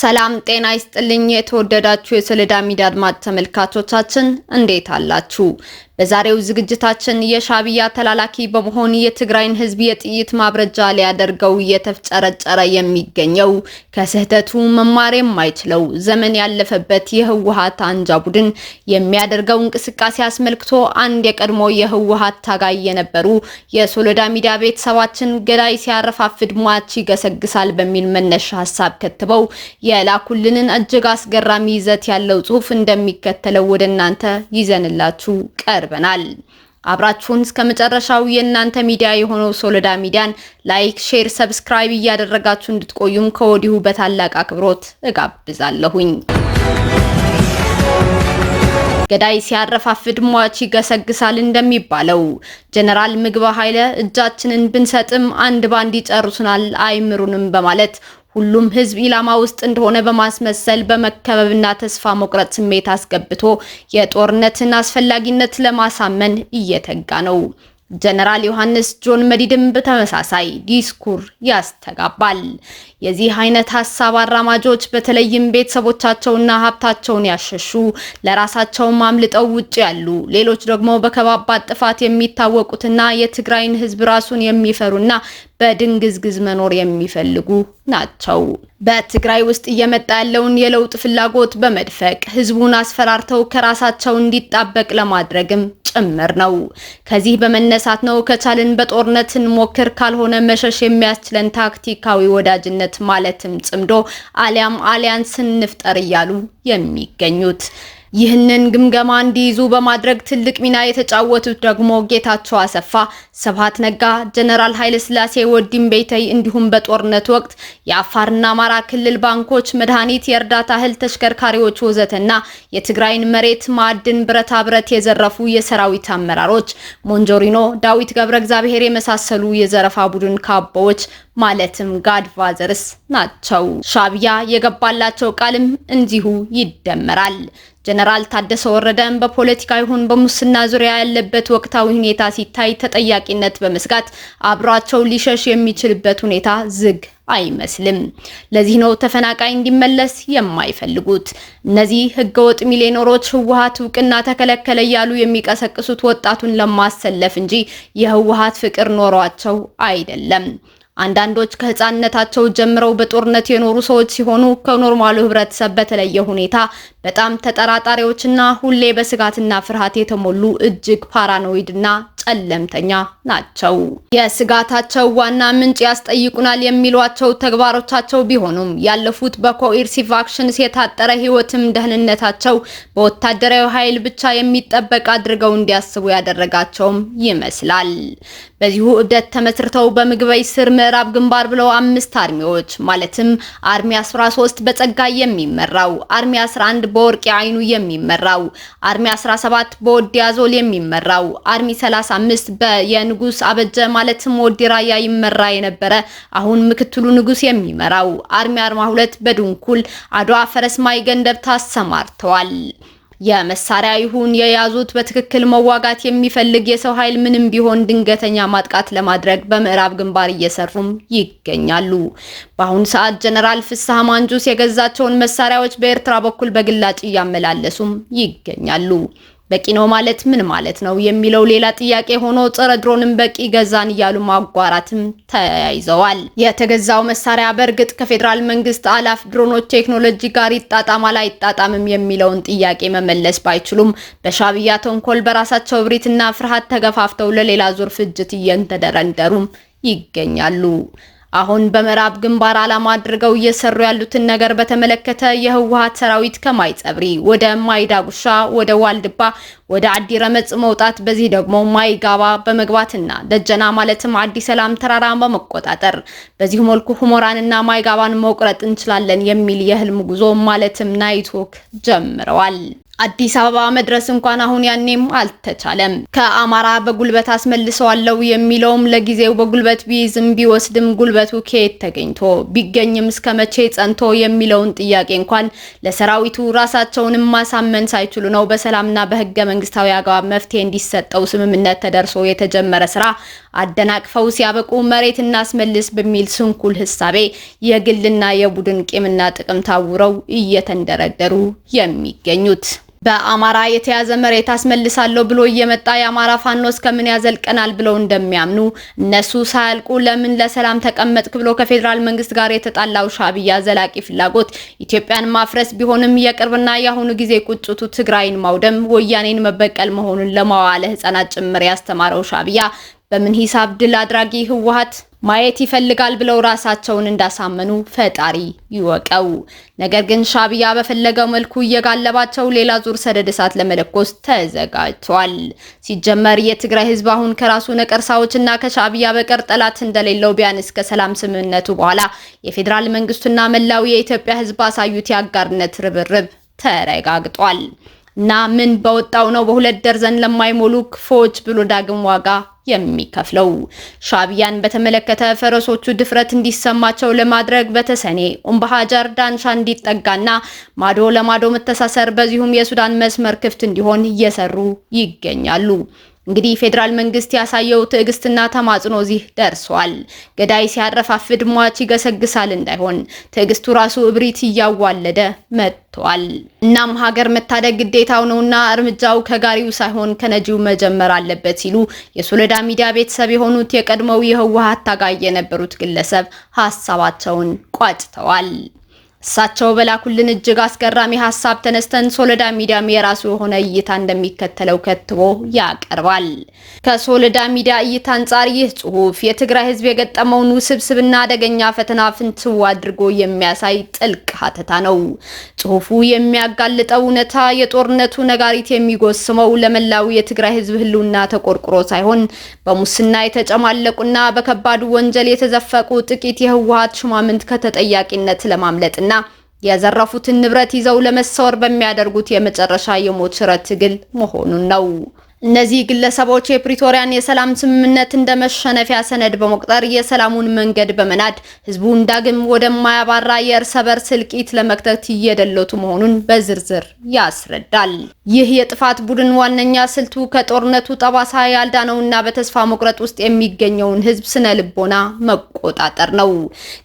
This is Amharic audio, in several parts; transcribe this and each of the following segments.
ሰላም ጤና ይስጥልኝ የተወደዳችሁ የሶሎዳ ሚዲያ አድማጭ ተመልካቾቻችን እንዴት አላችሁ? በዛሬው ዝግጅታችን የሻቢያ ተላላኪ በመሆን የትግራይን ህዝብ የጥይት ማብረጃ ሊያደርገው እየተፍጨረጨረ የሚገኘው ከስህተቱ መማር የማይችለው ዘመን ያለፈበት የህወሓት አንጃ ቡድን የሚያደርገው እንቅስቃሴ አስመልክቶ አንድ የቀድሞ የህወሓት ታጋይ የነበሩ የሶሎዳ ሚዲያ ቤተሰባችን ገዳይ ሲያረፋፍድ ሟች ይገሰግሳል በሚል መነሻ ሀሳብ ከትበው የላኩልንን እጅግ አስገራሚ ይዘት ያለው ጽሁፍ እንደሚከተለው ወደ እናንተ ይዘንላችሁ ቀርብ ቀርበናል። አብራችሁን እስከ መጨረሻው የእናንተ ሚዲያ የሆነው ሶሎዳ ሚዲያን ላይክ፣ ሼር፣ ሰብስክራይብ እያደረጋችሁ እንድትቆዩም ከወዲሁ በታላቅ አክብሮት እጋብዛለሁኝ። ገዳይ ሲያረፋፍድ ሟች ይገሰግሳል እንደሚባለው ጀነራል ምግባ ኃይለ እጃችንን ብንሰጥም አንድ ባንድ ይጨርሱናል አይምሩንም በማለት ሁሉም ህዝብ ኢላማ ውስጥ እንደሆነ በማስመሰል በመከበብና ተስፋ መቁረጥ ስሜት አስገብቶ የጦርነትን አስፈላጊነት ለማሳመን እየተጋ ነው። ጀነራል ዮሐንስ ጆን መዲድም በተመሳሳይ ዲስኩር ያስተጋባል። የዚህ አይነት ሀሳብ አራማጆች በተለይም ቤተሰቦቻቸውና ሀብታቸውን ያሸሹ ለራሳቸውም አምልጠው ውጭ ያሉ ሌሎች ደግሞ በከባባድ ጥፋት የሚታወቁትና የትግራይን ህዝብ ራሱን የሚፈሩና በድንግዝግዝ መኖር የሚፈልጉ ናቸው። በትግራይ ውስጥ እየመጣ ያለውን የለውጥ ፍላጎት በመድፈቅ ህዝቡን አስፈራርተው ከራሳቸው እንዲጣበቅ ለማድረግም ጭምር ነው። ከዚህ በመነሳት ነው ከቻልን በጦርነት እንሞክር ካልሆነ መሸሽ የሚያስችለን ታክቲካዊ ወዳጅነት ግንኙነት ማለትም ጽምዶ አሊያም አሊያንስን ንፍጠር እያሉ የሚገኙት ይህንን ግምገማ እንዲይዙ በማድረግ ትልቅ ሚና የተጫወቱት ደግሞ ጌታቸው አሰፋ፣ ስብሐት ነጋ፣ ጀነራል ኃይለ ስላሴ ወዲም ቤተይ እንዲሁም በጦርነት ወቅት የአፋርና አማራ ክልል ባንኮች፣ መድኃኒት፣ የእርዳታ እህል፣ ተሽከርካሪዎች ወዘተና የትግራይን መሬት፣ ማዕድን፣ ብረታ ብረት የዘረፉ የሰራዊት አመራሮች ሞንጆሪኖ፣ ዳዊት ገብረ እግዚአብሔር የመሳሰሉ የዘረፋ ቡድን ካቦዎች ማለትም ጋድቫዘርስ ናቸው። ሻቢያ የገባላቸው ቃልም እንዲሁ ይደመራል። ጀነራል ታደሰ ወረደን በፖለቲካ ይሁን በሙስና ዙሪያ ያለበት ወቅታዊ ሁኔታ ሲታይ ተጠያቂነት በመስጋት አብሯቸው ሊሸሽ የሚችልበት ሁኔታ ዝግ አይመስልም። ለዚህ ነው ተፈናቃይ እንዲመለስ የማይፈልጉት። እነዚህ ህገወጥ ሚሊዮነሮች ህወሓት እውቅና ተከለከለ እያሉ የሚቀሰቅሱት ወጣቱን ለማሰለፍ እንጂ የህወሓት ፍቅር ኖሯቸው አይደለም። አንዳንዶች ከህፃንነታቸው ጀምረው በጦርነት የኖሩ ሰዎች ሲሆኑ ከኖርማሉ ህብረተሰብ በተለየ ሁኔታ በጣም ተጠራጣሪዎችና ሁሌ በስጋትና ፍርሃት የተሞሉ እጅግ ፓራኖይድና ጨለምተኛ ናቸው። የስጋታቸው ዋና ምንጭ ያስጠይቁናል የሚሏቸው ተግባሮቻቸው ቢሆኑም ያለፉት በኮኢርሲቭ አክሽንስ የታጠረ ህይወትም ደህንነታቸው በወታደራዊ ኃይል ብቻ የሚጠበቅ አድርገው እንዲያስቡ ያደረጋቸውም ይመስላል። በዚሁ እብደት ተመስርተው በምግበይ ስር ምዕራብ ግንባር ብለው አምስት አርሚዎች ማለትም አርሚ 13 በጸጋ የሚመራው አርሚ 11 በወርቅ አይኑ የሚመራው አርሚ 17 በወዲያዞል የሚመራው አርሚ 30 በ በየንጉስ አበጀ ማለትም ወዲ ራያ ይመራ የነበረ አሁን ምክትሉ ንጉስ የሚመራው አርሚ 42 በድንኩል አድዋ ፈረስ ማይ ገንደብ ታሰማርተዋል። የመሳሪያ ይሁን የያዙት በትክክል መዋጋት የሚፈልግ የሰው ኃይል ምንም ቢሆን ድንገተኛ ማጥቃት ለማድረግ በምዕራብ ግንባር እየሰሩም ይገኛሉ። በአሁኑ ሰዓት ጀነራል ፍስሐ ማንጁስ የገዛቸውን መሳሪያዎች በኤርትራ በኩል በግላጭ እያመላለሱም ይገኛሉ። በቂ ነው ማለት ምን ማለት ነው የሚለው ሌላ ጥያቄ ሆኖ ጸረ ድሮንም በቂ ገዛን እያሉ ማጓራትም ተያይዘዋል። የተገዛው መሳሪያ በእርግጥ ከፌዴራል መንግስት አላፍ ድሮኖች ቴክኖሎጂ ጋር ይጣጣማል አይጣጣምም የሚለውን ጥያቄ መመለስ ባይችሉም በሻብያ ተንኮል በራሳቸው እብሪትና ፍርሃት ተገፋፍተው ለሌላ ዙር ፍጅት እየተደረደሩም ይገኛሉ። አሁን በምዕራብ ግንባር ዓላማ አድርገው እየሰሩ ያሉትን ነገር በተመለከተ የህወሓት ሰራዊት ከማይጸብሪ ወደ ማይዳጉሻ፣ ወደ ዋልድባ፣ ወደ አዲ ረመጽ መውጣት በዚህ ደግሞ ማይጋባ በመግባትና ደጀና ማለትም አዲ ሰላም ተራራን በመቆጣጠር በዚህ መልኩ ሁሞራንና ማይጋባን መቁረጥ እንችላለን የሚል የህልም ጉዞ ማለትም ናይቶክ ጀምረዋል። አዲስ አበባ መድረስ እንኳን አሁን ያኔም አልተቻለም። ከአማራ በጉልበት አስመልሰዋለሁ የሚለውም ለጊዜው በጉልበት ቢይዝም ቢወስድም ጉልበቱ ከየት ተገኝቶ ቢገኝም እስከ መቼ ጸንቶ የሚለውን ጥያቄ እንኳን ለሰራዊቱ ራሳቸውንም ማሳመን ሳይችሉ ነው በሰላምና በህገ መንግስታዊ አግባብ መፍትሄ እንዲሰጠው ስምምነት ተደርሶ የተጀመረ ስራ አደናቅፈው ሲያበቁ መሬት እናስመልስ በሚል ስንኩል ህሳቤ የግልና የቡድን ቂምና ጥቅም ታውረው እየተንደረደሩ የሚገኙት በአማራ የተያዘ መሬት አስመልሳለሁ ብሎ እየመጣ የአማራ ፋኖ እስከምን ያዘልቀናል ብለው እንደሚያምኑ እነሱ ሳያልቁ ለምን ለሰላም ተቀመጥክ ብሎ ከፌዴራል መንግስት ጋር የተጣላው ሻዕቢያ ዘላቂ ፍላጎት ኢትዮጵያን ማፍረስ ቢሆንም የቅርብና የአሁኑ ጊዜ ቁጭቱ ትግራይን ማውደም፣ ወያኔን መበቀል መሆኑን ለማዋለ ህጻናት ጭምር ያስተማረው ሻዕቢያ በምን ሂሳብ ድል አድራጊ ህወሓት ማየት ይፈልጋል ብለው ራሳቸውን እንዳሳመኑ ፈጣሪ ይወቀው። ነገር ግን ሻዕቢያ በፈለገው መልኩ እየጋለባቸው ሌላ ዙር ሰደድ እሳት ለመለኮስ ተዘጋጅቷል። ሲጀመር የትግራይ ህዝብ አሁን ከራሱ ነቀርሳዎችና ከሻዕቢያ በቀር ጠላት እንደሌለው ቢያንስ ከሰላም ስምምነቱ በኋላ የፌዴራል መንግስቱና መላው የኢትዮጵያ ህዝብ አሳዩት የአጋርነት ርብርብ ተረጋግጧል እና ምን በወጣው ነው በሁለት ደርዘን ለማይሞሉ ክፎች ብሎ ዳግም ዋጋ የሚከፍለው። ሻቢያን በተመለከተ ፈረሶቹ ድፍረት እንዲሰማቸው ለማድረግ በተሰኔ ኡምባሃጀር ዳንሻ እንዲጠጋና ማዶ ለማዶ መተሳሰር በዚሁም የሱዳን መስመር ክፍት እንዲሆን እየሰሩ ይገኛሉ። እንግዲህ ፌዴራል መንግስት ያሳየው ትዕግስትና ተማጽኖ እዚህ ደርሷል። ገዳይ ሲያረፋፍድ ሟች ይገሰግሳል እንዳይሆን ትዕግስቱ ራሱ እብሪት እያዋለደ መጥቷል። እናም ሀገር መታደግ ግዴታው ነውና እርምጃው ከጋሪው ሳይሆን ከነጂው መጀመር አለበት ሲሉ የሶለዳ ሚዲያ ቤተሰብ የሆኑት የቀድሞው የህወሓት ታጋይ የነበሩት ግለሰብ ሀሳባቸውን ቋጭተዋል። እሳቸው በላኩልን እጅግ አስገራሚ ሀሳብ ተነስተን ሶለዳ ሚዲያም የራሱ የሆነ እይታ እንደሚከተለው ከትቦ ያቀርባል። ከሶለዳ ሚዲያ እይታ አንጻር ይህ ጽሁፍ የትግራይ ህዝብ የገጠመውን ውስብስብና አደገኛ ፈተና ፍንትው አድርጎ የሚያሳይ ጥልቅ ሀተታ ነው። ጽሁፉ የሚያጋልጠው እውነታ የጦርነቱ ነጋሪት የሚጎስመው ለመላው የትግራይ ሕዝብ ህልውና ተቆርቁሮ ሳይሆን በሙስና የተጨማለቁና በከባዱ ወንጀል የተዘፈቁ ጥቂት የህወሀት ሽማምንት ከተጠያቂነት ለማምለጥ የዘረፉትን ንብረት ይዘው ለመሰወር በሚያደርጉት የመጨረሻ የሞት ሽረት ትግል መሆኑን ነው። እነዚህ ግለሰቦች የፕሪቶሪያን የሰላም ስምምነት እንደ መሸነፊያ ሰነድ በመቁጠር የሰላሙን መንገድ በመናድ ህዝቡን ዳግም ወደማያባራ የእርስ በርስ እልቂት ለመክተት እየደለቱ መሆኑን በዝርዝር ያስረዳል። ይህ የጥፋት ቡድን ዋነኛ ስልቱ ከጦርነቱ ጠባሳ ያልዳነውና በተስፋ መቁረጥ ውስጥ የሚገኘውን ህዝብ ስነ ልቦና መቆጣጠር ነው።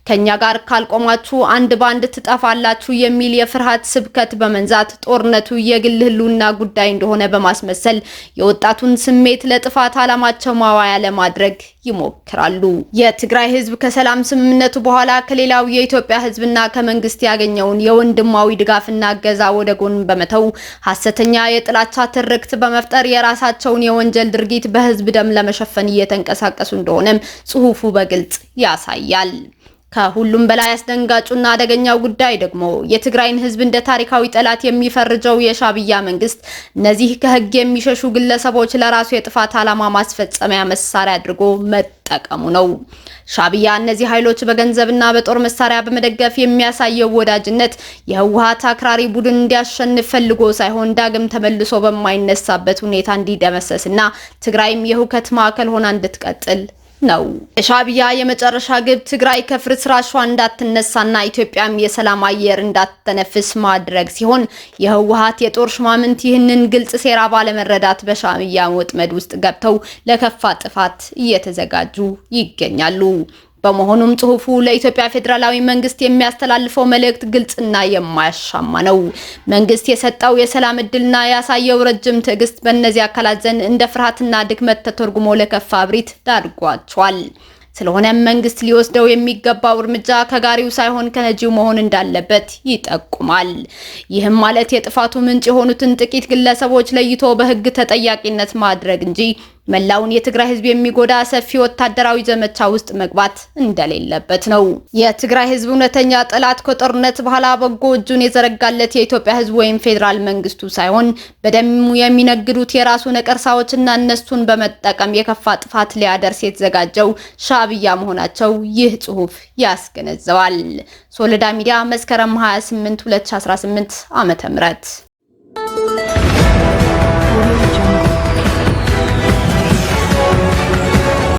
ከኛ ጋር ካልቆማችሁ አንድ ባንድ ትጠፋላችሁ የሚል የፍርሃት ስብከት በመንዛት ጦርነቱ የግል ህልውና ጉዳይ እንደሆነ በማስመሰል የወጣቱን ስሜት ለጥፋት ዓላማቸው ማዋያ ለማድረግ ይሞክራሉ። የትግራይ ህዝብ ከሰላም ስምምነቱ በኋላ ከሌላው የኢትዮጵያ ህዝብና ከመንግስት ያገኘውን የወንድማዊ ድጋፍና እገዛ ወደ ጎን በመተው ሀሰተኛ የጥላቻ ትርክት በመፍጠር የራሳቸውን የወንጀል ድርጊት በህዝብ ደም ለመሸፈን እየተንቀሳቀሱ እንደሆነም ጽሁፉ በግልጽ ያሳያል። ከሁሉም በላይ አስደንጋጩና አደገኛው ጉዳይ ደግሞ የትግራይን ሕዝብ እንደ ታሪካዊ ጠላት የሚፈርጀው የሻዕቢያ መንግስት እነዚህ ከህግ የሚሸሹ ግለሰቦች ለራሱ የጥፋት ዓላማ ማስፈጸሚያ መሳሪያ አድርጎ መጠቀሙ ነው። ሻዕቢያ እነዚህ ኃይሎች በገንዘብና በጦር መሳሪያ በመደገፍ የሚያሳየው ወዳጅነት የህወሓት አክራሪ ቡድን እንዲያሸንፍ ፈልጎ ሳይሆን ዳግም ተመልሶ በማይነሳበት ሁኔታ እንዲደመሰስና ትግራይም የሁከት ማዕከል ሆና እንድትቀጥል ነው። የሻቢያ የመጨረሻ ግብ ትግራይ ከፍርስራሿ እንዳትነሳና ኢትዮጵያም የሰላም አየር እንዳትተነፍስ ማድረግ ሲሆን የህወሀት የጦር ሹማምንት ይህንን ግልጽ ሴራ ባለመረዳት በሻዕቢያ ወጥመድ ውስጥ ገብተው ለከፋ ጥፋት እየተዘጋጁ ይገኛሉ። በመሆኑም ጽሁፉ ለኢትዮጵያ ፌዴራላዊ መንግስት የሚያስተላልፈው መልእክት ግልጽና የማያሻማ ነው። መንግስት የሰጠው የሰላም እድልና ያሳየው ረጅም ትዕግስት በእነዚህ አካላት ዘንድ እንደ ፍርሃትና ድክመት ተተርጉሞ ለከፋ እብሪት ዳርጓቸዋል። ስለሆነም መንግስት ሊወስደው የሚገባው እርምጃ ከጋሪው ሳይሆን ከነጂው መሆን እንዳለበት ይጠቁማል። ይህም ማለት የጥፋቱ ምንጭ የሆኑትን ጥቂት ግለሰቦች ለይቶ በህግ ተጠያቂነት ማድረግ እንጂ መላውን የትግራይ ህዝብ የሚጎዳ ሰፊ ወታደራዊ ዘመቻ ውስጥ መግባት እንደሌለበት ነው። የትግራይ ህዝብ እውነተኛ ጠላት ከጦርነት በኋላ በጎ እጁን የዘረጋለት የኢትዮጵያ ህዝብ ወይም ፌዴራል መንግስቱ ሳይሆን በደሙ የሚነግዱት የራሱ ነቀርሳዎችና እነሱን በመጠቀም የከፋ ጥፋት ሊያደርስ የተዘጋጀው ሻብያ መሆናቸው ይህ ጽሁፍ ያስገነዘዋል። ሶለዳ ሚዲያ መስከረም 28 2018 ዓ.ም